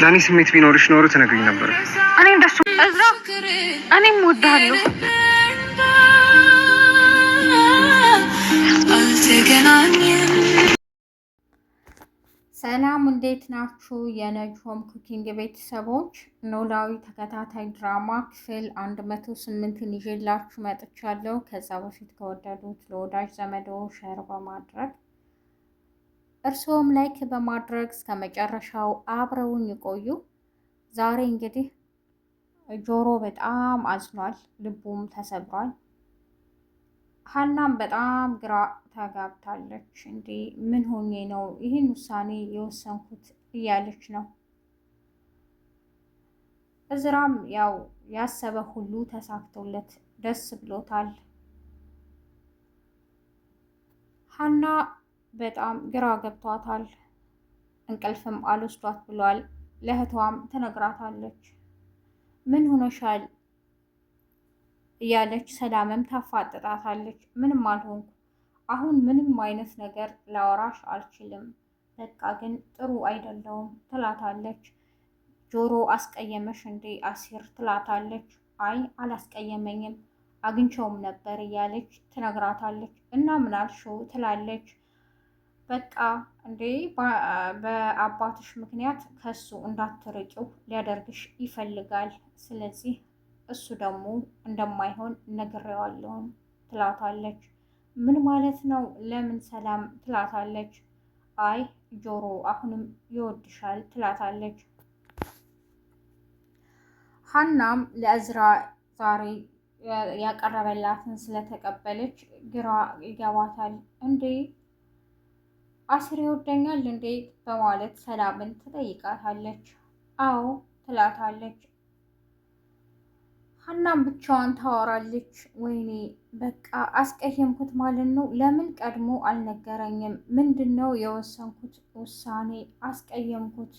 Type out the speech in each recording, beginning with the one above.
ለእኔ ስሜት ቢኖርሽ ኖሮ ትነግሪኝ ነበር። እኔ እንደሱ እዛ እኔም እወድሃለሁ። ሰላም፣ እንዴት ናችሁ? የነጅሆም ኩኪንግ ቤተሰቦች ኖላዊ ተከታታይ ድራማ ክፍል 108ን ይዤላችሁ መጥቻለሁ። ከዛ በፊት ከወደዱት ለወዳጅ ዘመዶ ሸር በማድረግ እርስዎም ላይክ በማድረግ እስከ መጨረሻው አብረውኝ ይቆዩ። ዛሬ እንግዲህ ጆሮ በጣም አዝኗል፣ ልቡም ተሰብሯል። ሀናም በጣም ግራ ተጋብታለች። እንዴ ምን ሆኜ ነው ይህን ውሳኔ የወሰንኩት እያለች ነው። እዝራም ያው ያሰበ ሁሉ ተሳክቶለት ደስ ብሎታል። ሀና በጣም ግራ ገብቷታል። እንቅልፍም አልወስዷት ብሏል። ለእህቷም ትነግራታለች። ምን ሆኖሻል እያለች ሰላምም ታፋጥጣታለች። ምንም አልሆንኩ፣ አሁን ምንም አይነት ነገር ላወራሽ አልችልም፣ በቃ ግን ጥሩ አይደለውም ትላታለች። ጆሮ አስቀየመሽ እንዴ አሲር ትላታለች። አይ አላስቀየመኝም፣ አግኝቸውም ነበር እያለች ትነግራታለች። እና ምን ትላለች። በቃ እንዴ በአባትሽ ምክንያት ከሱ እንዳትርቂው ሊያደርግሽ ይፈልጋል። ስለዚህ እሱ ደግሞ እንደማይሆን ነግሬዋለሁም ትላታለች። ምን ማለት ነው? ለምን ሰላም ትላታለች። አይ ጆሮ አሁንም ይወድሻል ትላታለች። ሀናም ለእዝራ ዛሬ ያቀረበላትን ስለተቀበለች ግራ ይገባታል። እንዴ አስር ይወደኛል እንዴ በማለት ሰላምን ትጠይቃታለች። አዎ ትላታለች። ሀናም ብቻዋን ታወራለች። ወይኔ በቃ አስቀየምኩት ማለት ነው። ለምን ቀድሞ አልነገረኝም? ምንድን ነው የወሰንኩት ውሳኔ? አስቀየምኩት።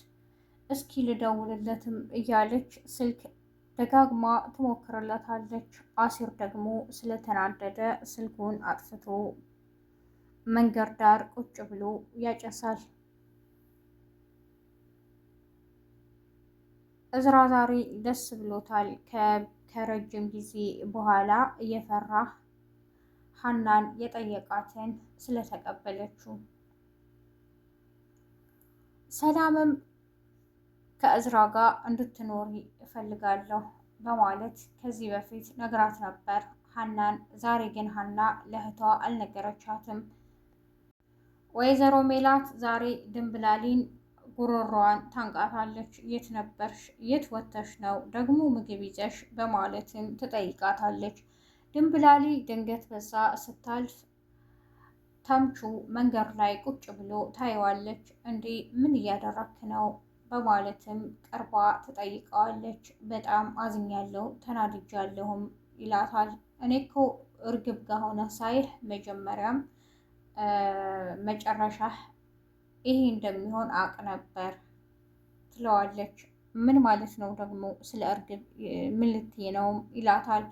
እስኪ ልደውልለትም እያለች ስልክ ደጋግማ ትሞክርለታለች። አሲር ደግሞ ስለተናደደ ስልኩን አጥፍቶ መንገድ ዳር ቁጭ ብሎ ያጨሳል። እዝራ ዛሬ ደስ ብሎታል። ከረጅም ጊዜ በኋላ እየፈራ ሀናን የጠየቃትን ስለተቀበለችው ሰላምም ከእዝራ ጋር እንድትኖሪ እፈልጋለሁ በማለት ከዚህ በፊት ነግራት ነበር ሀናን። ዛሬ ግን ሀና ለእህቷ አልነገረቻትም። ወይዘሮ ሜላት ዛሬ ድንብላሊን ጉሮሯዋን ታንቃታለች። የት ነበርሽ? የት ወተሽ ነው ደግሞ ምግብ ይዘሽ? በማለትም ትጠይቃታለች። ድንብላሊ ድንገት በዛ ስታልፍ ተምቹ መንገድ ላይ ቁጭ ብሎ ታየዋለች። እንዴ ምን እያደረክ ነው? በማለትም ቀርባ ትጠይቀዋለች። በጣም አዝኛለሁ ተናድጃለሁም ይላታል። እኔ እኮ እርግብ ጋር ሆነ ሳይህ መጀመሪያም መጨረሻ ይሄ እንደሚሆን አቅ ነበር ትለዋለች። ምን ማለት ነው ደግሞ ስለ እርግብ ምን ልትይ ነው ይላታል።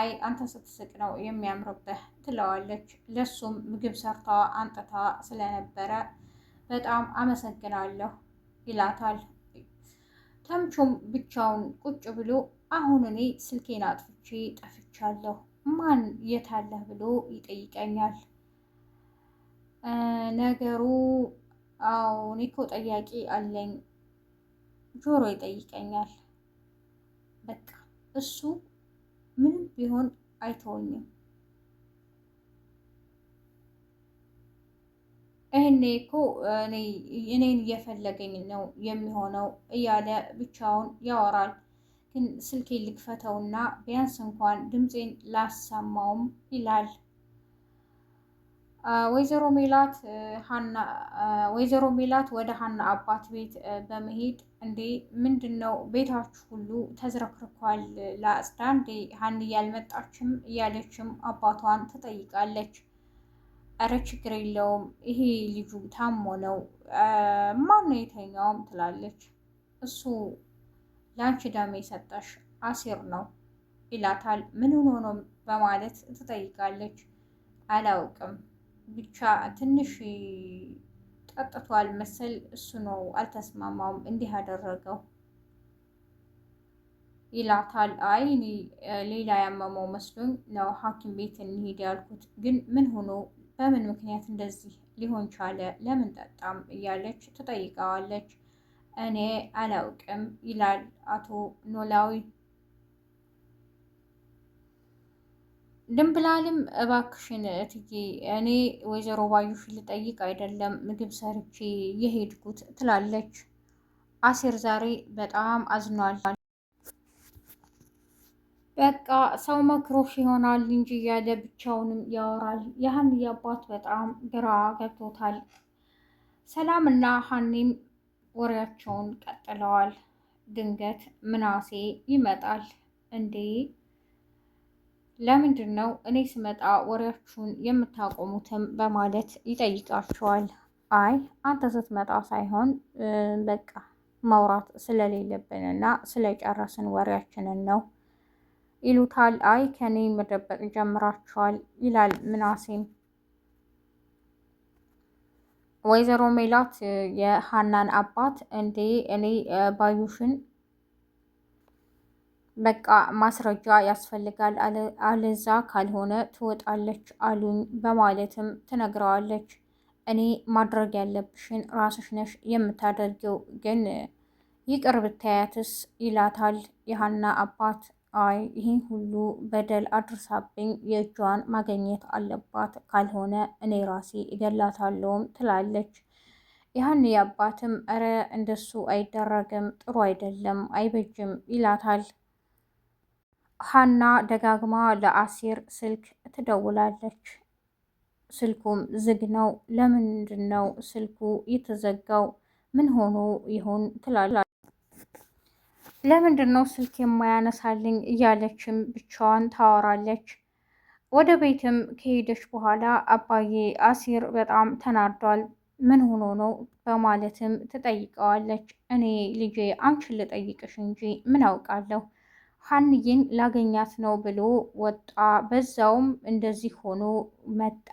አይ አንተ ስትስቅ ነው የሚያምርብህ ትለዋለች። ለሱም ምግብ ሰርታ አንጥታ ስለነበረ በጣም አመሰግናለሁ ይላታል። ተምቹም ብቻውን ቁጭ ብሎ አሁን እኔ ስልኬን አጥፍቼ ጠፍቻለሁ ማን የታለህ ብሎ ይጠይቀኛል ነገሩ አዎ እኔ እኮ ጠያቂ አለኝ። ጆሮ ይጠይቀኛል። በቃ እሱ ምንም ቢሆን አይተወኝም። ይህኔ እኮ እኔን እየፈለገኝ ነው የሚሆነው እያለ ብቻውን ያወራል። ግን ስልኬ ልክፈተውና ቢያንስ እንኳን ድምፄን ላሰማውም ይላል። ወይዘሮ ሜላት ሀና ወይዘሮ ሜላት ወደ ሀና አባት ቤት በመሄድ እንዴ ምንድን ነው ቤታችሁ ሁሉ ተዝረክርኳል፣ ለአጽዳ እንዴ ሀንዬ እያልመጣችም እያለችም አባቷን ትጠይቃለች። እረ ችግር የለውም ይሄ ልጁ ታሞ ነው ማነው የተኛውም ትላለች። እሱ ለአንቺ ደም የሰጠሽ አሲር ነው ይላታል። ምን ሆኖ ነው በማለት ትጠይቃለች። አላውቅም ብቻ ትንሽ ጠጥቷል መሰል እሱ ነው አልተስማማውም፣ እንዲህ ያደረገው ይላታል። አይ እኔ ሌላ ያመመው መስሎኝ ነው ሐኪም ቤት እንሄድ ያልኩት፣ ግን ምን ሆኖ በምን ምክንያት እንደዚህ ሊሆን ቻለ? ለምን ጠጣም? እያለች ትጠይቀዋለች። እኔ አላውቅም ይላል አቶ ኖላዊ። ድንብላልም እባክሽን እትዬ እኔ ወይዘሮ ባዩሽ ልጠይቅ አይደለም ምግብ ሰርቼ የሄድኩት ትላለች። አሴር ዛሬ በጣም አዝኗል። በቃ ሰው መክሮሽ ይሆናል እንጂ እያለ ብቻውንም ያወራል። የሀንዬ አባት በጣም ግራ ገብቶታል። ሰላም እና ሀኒም ወሬያቸውን ቀጥለዋል። ድንገት ምናሴ ይመጣል። እንዴ ለምንድን ነው እኔ ስመጣ ወሬያችሁን የምታቆሙትም? በማለት ይጠይቃቸዋል። አይ አንተ ስትመጣ ሳይሆን በቃ ማውራት ስለሌለብንና ስለጨረስን ወሬያችንን ነው ይሉታል። አይ ከኔ መደበቅ ጀምራችኋል ይላል ምናሴም። ወይዘሮ ሜላት የሀናን አባት እንዴ እኔ ባዩሽን በቃ ማስረጃ ያስፈልጋል፣ አለዛ ካልሆነ ትወጣለች አሉኝ በማለትም ትነግረዋለች። እኔ ማድረግ ያለብሽን ራስሽ ነሽ የምታደርጊው፣ ግን ይቅር ብታያትስ ይላታል የሀና አባት። አይ ይህን ሁሉ በደል አድርሳብኝ የእጇን ማገኘት አለባት፣ ካልሆነ እኔ ራሴ እገላታለሁም ትላለች። ይህን የአባትም እረ እንደሱ አይደረግም፣ ጥሩ አይደለም፣ አይበጅም ይላታል። ሀና ደጋግማ ለአሴር ስልክ ትደውላለች። ስልኩም ዝግ ነው። ለምንድን ነው ስልኩ የተዘጋው? ምን ሆኖ ይሆን ትላለች። ለምንድን ነው ስልክ የማያነሳልኝ? እያለችም ብቻዋን ታወራለች። ወደ ቤትም ከሄደች በኋላ አባዬ አሲር በጣም ተናዷል፣ ምን ሆኖ ነው በማለትም ትጠይቀዋለች። እኔ ልጄ አንቺን ልጠይቅሽ እንጂ ምን አውቃለሁ ሀንዬን ላገኛት ነው ብሎ ወጣ። በዛውም እንደዚህ ሆኖ መጣ።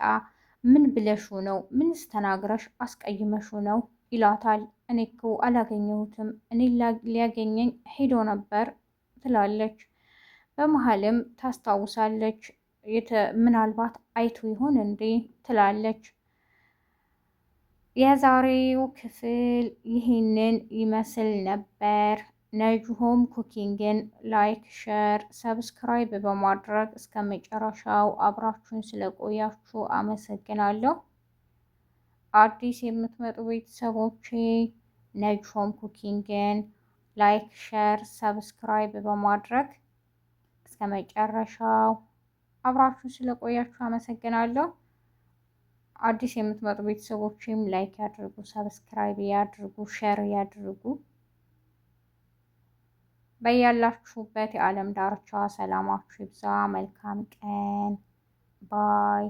ምን ብለሹ ነው? ምን ስተናግረሽ አስቀይመሹ ነው ይላታል። እኔ እኮ አላገኘሁትም፣ እኔ ሊያገኘኝ ሄዶ ነበር ትላለች። በመሀልም ታስታውሳለች። ምናልባት አይቱ ይሆን እንዴ ትላለች። የዛሬው ክፍል ይህንን ይመስል ነበር። ነጅሆም ኩኪንግን ላይክ፣ ሸር፣ ሰብስክራይብ በማድረግ እስከ መጨረሻው አብራችሁን ስለቆያችሁ አመሰግናለሁ። አዲስ የምትመጡ ቤተሰቦቼ ነጅሆም ኩኪንግን ላይክ፣ ሸር፣ ሰብስክራይብ በማድረግ እስከ መጨረሻው አብራችሁን ስለቆያችሁ አመሰግናለሁ። አዲስ የምትመጡ ቤተሰቦችም ላይክ ያድርጉ፣ ሰብስክራይብ ያድርጉ፣ ሸር ያድርጉ። በያላችሁበት የዓለም ዳርቻ ሰላማችሁ ይብዛ። መልካም ቀን ባይ